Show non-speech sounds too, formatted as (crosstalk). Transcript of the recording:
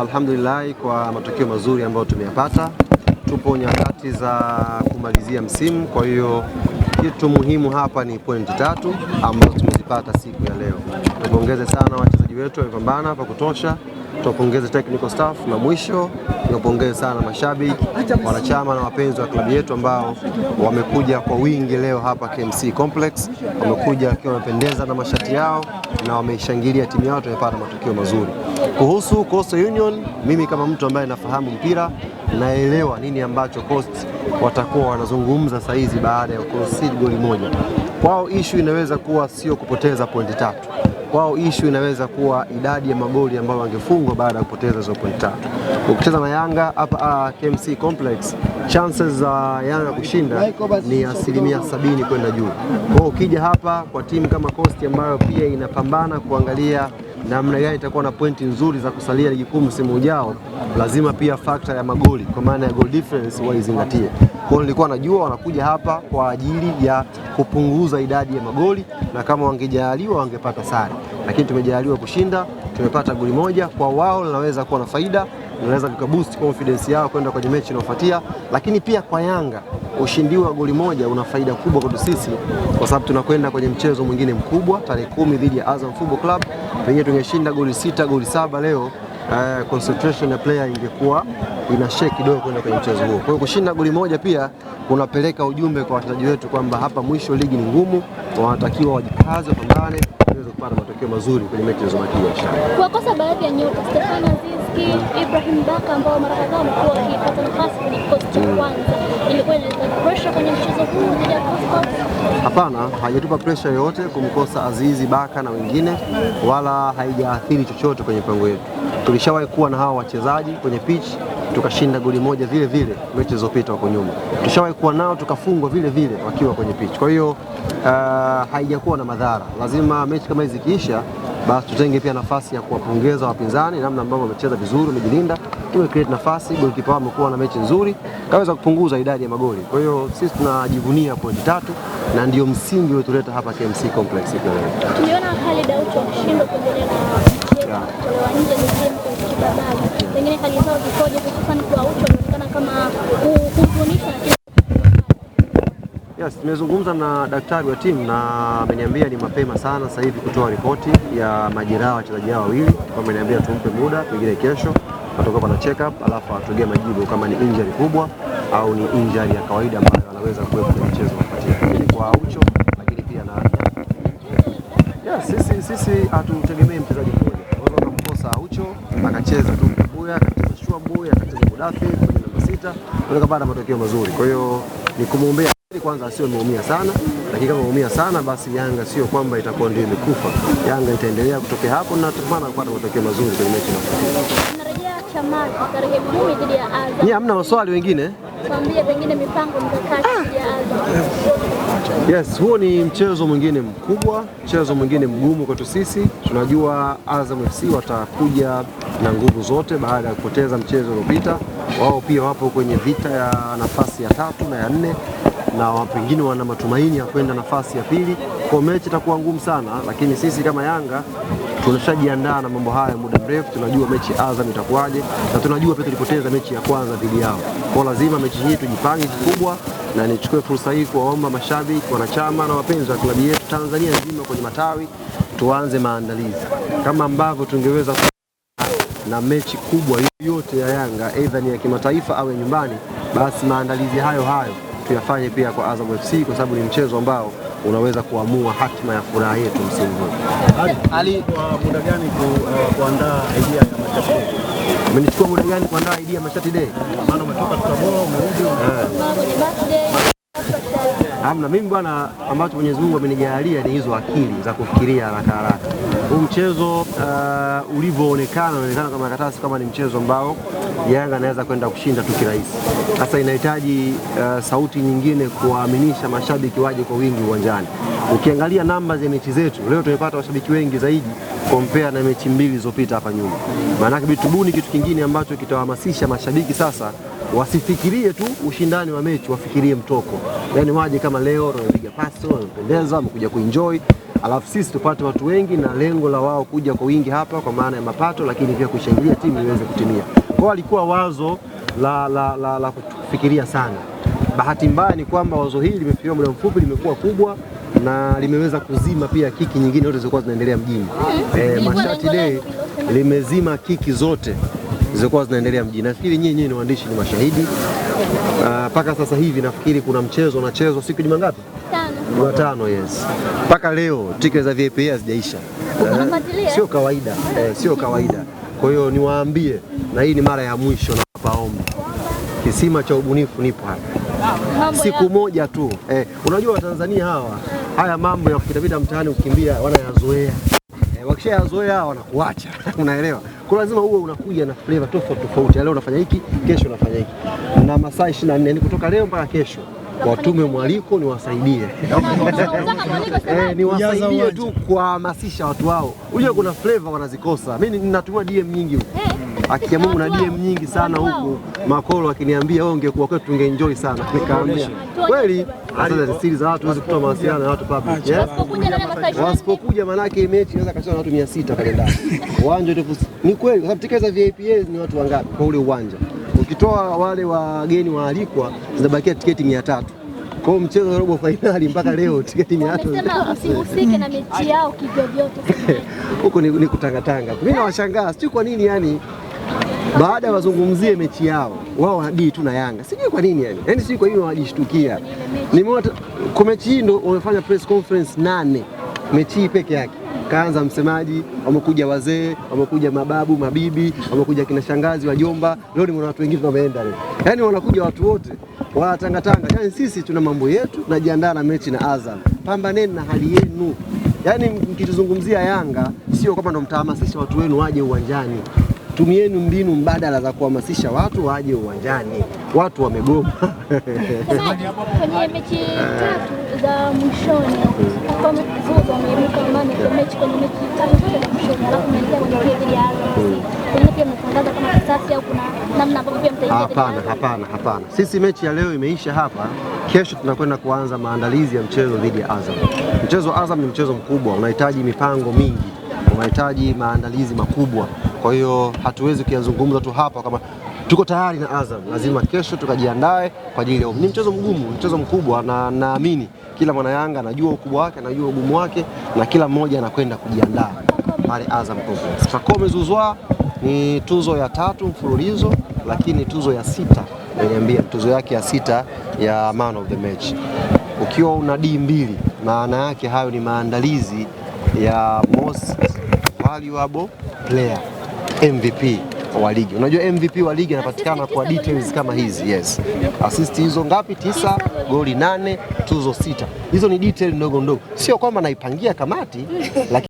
Alhamdulillah kwa matokeo mazuri ambayo tumeyapata. Tupo nyakati za kumalizia msimu, kwa hiyo kitu muhimu hapa ni pointi tatu ambazo tumezipata siku ya leo. Tupongeze sana wachezaji wetu wamepambana pa kutosha tuwapongeze technical staff, na mwisho niwapongeze sana mashabiki, wanachama na wapenzi wa klabu yetu ambao wamekuja kwa wingi leo hapa KMC Complex. Wamekuja wakiwa wamependeza na mashati yao na wameishangilia timu yao, tumepata matokeo mazuri. Kuhusu Coastal Union, mimi kama mtu ambaye nafahamu mpira naelewa nini ambacho Coast watakuwa wanazungumza saa hizi baada ya kuconcede goli moja. Kwao ishu inaweza kuwa sio kupoteza pointi tatu, kwao ishu inaweza kuwa idadi ya magoli ambayo wangefungwa baada ya kupoteza hizo pointi tatu. Ukicheza na Yanga hapa ah, KMC Complex, chances za Yanga kushinda ni asilimia sabini kwenda juu. Kwao ukija hapa kwa timu kama Coast ambayo pia inapambana kuangalia namna gani itakuwa na pointi nzuri za kusalia ligi kuu msimu ujao, lazima pia factor ya magoli kwa maana ya goal difference waizingatie. Kwa hiyo nilikuwa najua wanakuja hapa kwa ajili ya kupunguza idadi ya magoli, na kama wangejaaliwa wangepata sare, lakini tumejaaliwa kushinda, tumepata goli moja. Kwa wao linaweza kuwa na faida unaweza kukaboost confidence yao kwenda kwenye mechi inayofuatia. Lakini pia kwa Yanga ushindi wa goli moja una faida kubwa kwetu sisi, kwa sababu tunakwenda kwenye mchezo mwingine mkubwa tarehe kumi dhidi ya Azam Football Club. Pengine tungeshinda goli sita goli saba leo Uh, concentration ya player ingekuwa ina shake kidogo kwenda kwenye mchezo huo. Kwa hiyo kushinda goli moja pia kunapeleka ujumbe kwa wachezaji wetu kwamba hapa mwisho ligi ni ngumu, wanatakiwa wajikaze, wapambane tuweze kupata matokeo mazuri kwenye mechi Kwa kosa baadhi ya nyota wakati Ibrahim Baka ambao mara kadhaa wamekuwa akipata nafasi kwenye kikosi cha mm. kwanza, ilikuwa inaleta pressure kwenye mchezo huu dhidi ya Hapana, haijatupa pressure yoyote kumkosa Azizi Baka na wengine, wala haijaathiri chochote kwenye mipango yetu. Tulishawahi kuwa na hawa wachezaji kwenye pitch tukashinda goli moja vile vile mechi zilizopita huko nyuma, tushawahi kuwa nao tukafungwa vile vile wakiwa kwenye pitch. Kwa hiyo uh, haijakuwa na madhara. Lazima mechi kama hizi zikiisha basi tutenge pia nafasi ya kuwapongeza wapinzani namna ambavyo wamecheza vizuri, wamejilinda, create nafasi. Golikipa amekuwa na mechi nzuri, kaweza kupunguza idadi ya magoli. Kwa hiyo sisi tunajivunia pointi tatu na ndio msingi wetuleta hapa KMC Complex. Tuliona Khaled Aucho kushindwa kuendelea na pengine hali zao zikoje, hususan kwa Aucho kama kuhuzunisha Yes, nimezungumza na daktari wa timu na ameniambia ni mapema sana sasa hivi kutoa ripoti ya majeraha wachezaji hao wawili. Ameniambia tumpe muda, pengine kesho atakuwa na check up, alafu atugee majibu kama ni injury kubwa au ni injury ya kawaida ambayo anaweza kuwepo kwenye mchezo wakupatia kwa ucho, lakini pia na yes, sisi sisi hatutegemei mchezaji mmoja. Unamkosa Aucho akacheza tu Mbuya, akacheza Shua Mbuya, akacheza Mudafi kwenye namba sita, unaweza kupata matokeo mazuri, kwa hiyo ni kumwombea yake kwanza asio ameumia sana, lakini kama ameumia sana basi Yanga sio kwamba itakuwa ndio imekufa. Yanga itaendelea kutokea hapo na tutamana kupata matokeo mazuri kwenye mechi inayofuata. Hamna maswali wengine, eh? tuambie pengine mipango mkakati ya Azam. Ah. Yes, huo ni mchezo mwingine mkubwa, mchezo mwingine mgumu kwetu sisi. Tunajua Azam FC watakuja na nguvu zote baada ya kupoteza mchezo uliopita. Wao pia wapo kwenye vita ya nafasi ya tatu na ya nne na pengine wana matumaini ya kwenda nafasi ya pili. Kwa mechi itakuwa ngumu sana, lakini sisi kama Yanga tunashajiandaa na mambo haya muda mrefu. Tunajua mechi Azam itakuwaje, na tunajua pia tulipoteza mechi ya kwanza dhidi yao, kwa lazima mechi hii tujipange kikubwa na nichukue fursa hii kuwaomba mashabiki, wanachama na wapenzi wa klabu yetu Tanzania nzima kwenye matawi, tuanze maandalizi kama ambavyo tungeweza na mechi kubwa yoyote ya Yanga, aidha ni ya kimataifa au ya nyumbani, basi maandalizi hayo hayo tuyafanye pia kwa Azam FC kwa sababu ni mchezo ambao unaweza kuamua hatima ya furaha yetu msimu huu. Ali, kwa muda gani eh, kuandaa idea ya mashati day? Amenichukua muda gani kuandaa idea ya mashati day? Maana umetoka Tabora umerudi eh. Hamna, mimi bwana, ambacho Mwenyezi Mungu amenijalia ni hizo akili za kufikiria haraka haraka. Huu mchezo uh, ulivyoonekana unaonekana kama karatasi kama ni mchezo ambao Yanga anaweza kwenda kushinda tu kirahisi. Sasa inahitaji uh, sauti nyingine kuwaaminisha mashabiki waje kwa wingi uwanjani. Ukiangalia namba za mechi zetu leo tumepata washabiki wengi zaidi kompea na mechi mbili zilizopita hapa nyuma. Maanake bitubuni kitu kingine ambacho kitawahamasisha mashabiki sasa wasifikirie tu ushindani wa mechi, wafikirie mtoko. Yani waje kama leo wamepiga pasi, wamependeza, wamekuja kuenjoy, alafu sisi tupate watu wengi na lengo la wao kuja kwa wingi hapa kwa maana ya mapato, lakini pia kushangilia timu iweze kutimia. Kwao alikuwa wazo la, la, la, la kufikiria sana. Bahati mbaya ni kwamba wazo hili limefikiwa muda mfupi, limekuwa kubwa na limeweza kuzima pia kiki nyingine zote zilizokuwa zinaendelea mjini. E, Mashati Day limezima kiki zote zilizokuwa zinaendelea mjini. Nafikiri nyinyi nyinyi ni waandishi, ni mashahidi ah, mpaka sasa hivi. Nafikiri kuna mchezo unachezwa siku juma ngapi? tano, yes. Mpaka leo tiketi za VIP hazijaisha, eh, sio kawaida eh, sio kawaida. Kwa hiyo niwaambie, na hii ni mara ya mwisho, na paombi kisima cha ubunifu nipo hapa siku moja tu eh. Unajua Watanzania hawa haya mambo ya kupitapita mtaani ukimbia wanayazoea. Eh, wakishayazoea wanakuacha, (laughs) unaelewa. Kwa lazima uwe unakuja na flavor tofauti tofauti, leo unafanya hiki, kesho unafanya hiki, na masaa 24 ni kutoka leo mpaka kesho. Watume mwaliko niwasaidie, (laughs) eh, niwasaidie tu kuwahamasisha watu wao. Unajua kuna flavor wanazikosa. Mimi ninatumia DM nyingi huko eh. Akiya Mungu na DM nyingi sana huku Makolo akiniambia wewe ungekuwa kwetu tungeenjoy sana. Nikaambia kweli, sasa siri za watu huwezi kutoa mawasiliano na watu public. Wasipokuja manake mechi inaweza kacheza na watu 600 pale ndani. (laughs) Uwanja ni kweli, kwa sababu tiketi za VIP ni watu wangapi kwa ule uwanja? Ukitoa wale wageni waalikwa zinabakia tiketi 300. Kwa mchezo wa robo fainali mpaka leo (laughs) tiketi mia tatu usihusike na mechi yao kivyovyote. (laughs) Huko ni kutangatanga, mimi nawashangaa sijui kwa nini yani baada wazungumzie mechi yao, wao wanadili tu na Yanga, sijui kwa nini yani, yani sijui kwa nini wanajishtukia. Nimeona kwa mechi hii ndo wamefanya press conference nane, mechi hii peke yake kaanza msemaji, wamekuja wazee, wamekuja mababu, mabibi, wamekuja kina shangazi, wajomba. Leo nimeona watu wengine wameenda leo, yani wanakuja watu wote wanatangatanga. Yani sisi tuna mambo yetu, najiandaa na mechi na Azam. Pambaneni na hali yenu, yani mkituzungumzia Yanga sio kwamba ndo mtahamasisha watu wenu waje uwanjani tumieni mbinu mbadala za kuhamasisha watu waje uwanjani. Watu wamegoma. Kwenye mechi tatu za mwishoni hmm. Hapana, hapana, hapana. Sisi mechi ya leo imeisha hapa. Kesho tunakwenda kuanza maandalizi ya mchezo dhidi ya Azam. Mchezo wa Azam ni mchezo mkubwa, unahitaji mipango mingi, unahitaji maandalizi makubwa. Kwa hiyo hatuwezi kuyazungumza tu hapa kama tuko tayari na Azam, lazima kesho tukajiandae kwa ajili ya. Ni mchezo mgumu, mchezo mkubwa, na naamini kila mwana Yanga anajua ukubwa wake, anajua ugumu wake, na kila mmoja anakwenda kujiandaa pale Azam Complex. Pacome Zouzoua ni tuzo ya tatu mfululizo, lakini tuzo ya sita niliambia, tuzo yake ya sita ya man of the match. Ukiwa una D mbili, maana yake hayo ni maandalizi ya most valuable player. MVP wa ligi. Unajua MVP wa ligi anapatikana kwa details kama hizi yes. Assist hizo ngapi? Tisa, goli nane, tuzo sita. Hizo ni detail ndogo ndogo, sio kwamba naipangia kamati lakini (laughs)